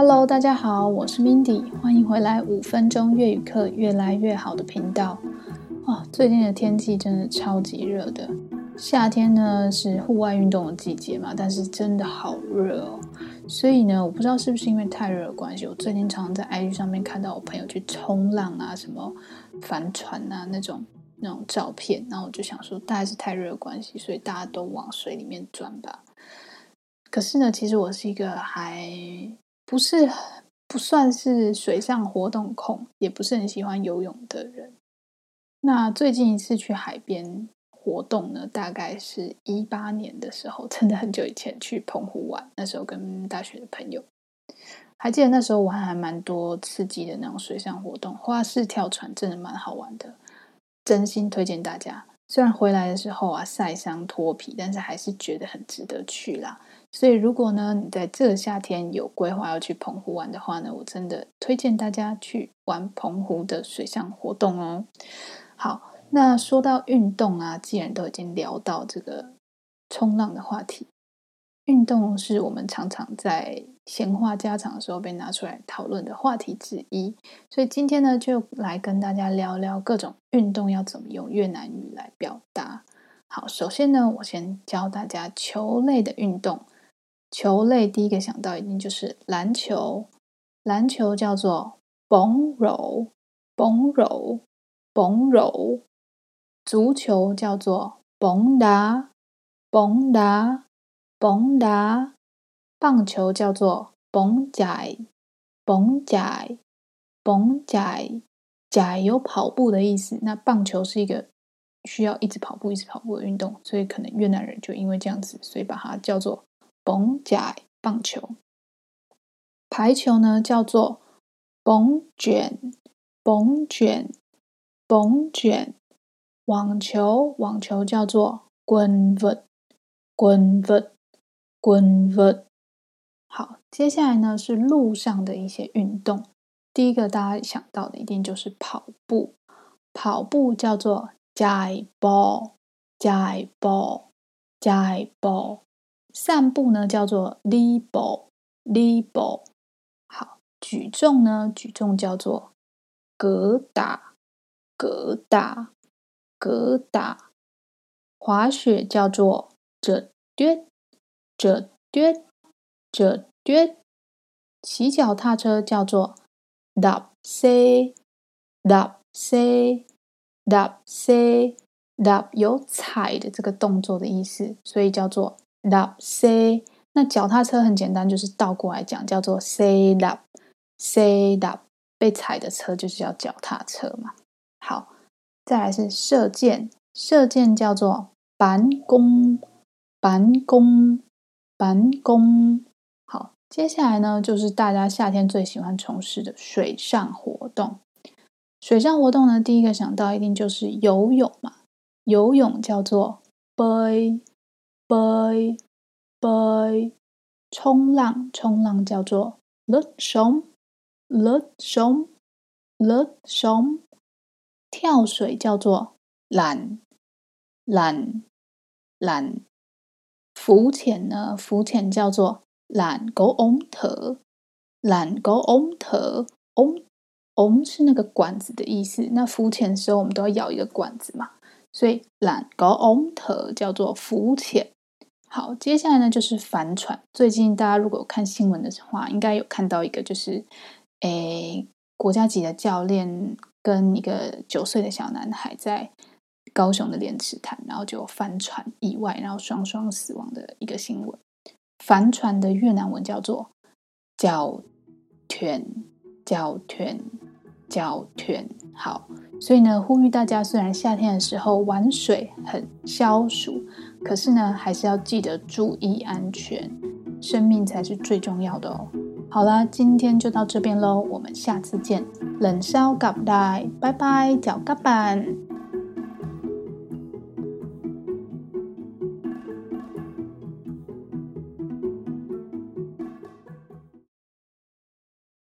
Hello，大家好，我是 Mindy，歡迎回來五分鐘越語課越來越好的頻道。哇，最近的天氣真的超級熱的，夏天呢是戶外運動的季節嘛，但是真的好熱哦。所以呢，我不知道是不是因為太熱的關係，我最近常常在 IG 上面看到我朋友去衝浪啊、什麼帆船啊那種那種照片，然後我就想說，大概是太熱的關係，所以大家都往水裡面鑽吧。可是呢，其實我是一個還。不是不算是水上活動控，也不是很喜歡游泳的人。那最近一次去海邊活動呢，大概是一八年的時候，真的很久以前去澎湖玩，那時候跟大學的朋友，還記得那時候我還蠻多刺激的那種水上活動，花式跳船真的蠻好玩的，真心推薦大家。雖然回來的時候啊曬傷脫皮，但是還是覺得很值得去啦。所以，如果呢，你在這個夏天有規劃要去澎湖玩的話呢，我真的推薦大家去玩澎湖的水上活動哦。好，那說到運動啊，既然都已經聊到這個衝浪的話題，運動是我們常常在閒話家常的時候被拿出來討論的話題之一。所以今天呢，就來跟大家聊聊各種運動要怎麼用越南語來表達。好，首先呢，我先教大家球類的運動。球類第一個想到一定就是籃球，籃球叫做 bóng rổ，bóng rổ，bóng rổ。足球叫做 bóng đá，bóng đá，bóng đá。棒球叫做 bóng chày，bóng chày，bóng chày。chày 有跑步的意思，那棒球是一個需要一直跑步、一直跑步的運動，所以可能越南人就因為這樣子，所以把它叫做。棒仔棒球，排球呢叫做棒卷、棒卷、棒卷。網球，網球叫做滾物、滾物、滾物。好，接下來呢是路上的一些運動，第一個大家想到的一定就是跑步，跑步叫做腳步、腳步、腳步。散步呢叫做 đi bộ, đi bộ 好，舉重呢舉重叫做 cử tạ，cử tạ，cử tạ。滑雪，叫做 trượt tuyết，trượt tuyết，trượt tuyết。騎腳踏車叫做 đạp xe，đạp xe，đạp xe。đạp 有踩的這個動作的意思，所以叫做。Up 那腳踏車很簡單，就是倒過來講，叫做 đạp xe, đạp xe。đạp xe, đạp xe, 被踩的車就是叫腳踏車嘛。好，再來是射箭，射箭叫做 bắn cung, bắn cung, bắn cung。好，接下來呢，就是大家夏天最喜歡從事的水上活動。水上活動呢，第一個想到一定就是游泳嘛，游泳叫做 bơi。bơi bơi，bơi，衝浪，衝浪叫做 lướt sóng，lướt sóng，lướt sóng；跳水叫做 lặn，lặn，lặn；浮潛呢，浮潛叫做 lặn có ống thở，lặn có ống thở，ống，ống 是那個管子的意思。那浮潛的時候，我們都要咬一個管子嘛，所以 lặn có ống thở 叫做浮潛。好，接下來呢就是帆船。最近大家如果有看新聞的話，應該有看到一個，就是誒國家級的教練跟一個九歲的小男孩在高雄的蓮池潭，然後就帆船意外，然後雙雙死亡的一個新聞。帆船的越南文叫做 “chèo thuyền, chèo thuyền, chèo thuyền”。好，所以呢呼籲大家，雖然夏天的時候玩水很消暑。可是呢，還是要記得注意安全，生命才是最重要的哦！好啦，今天就到這邊嘍，我們下次見，冷燒咖喱，拜拜，腳夾板。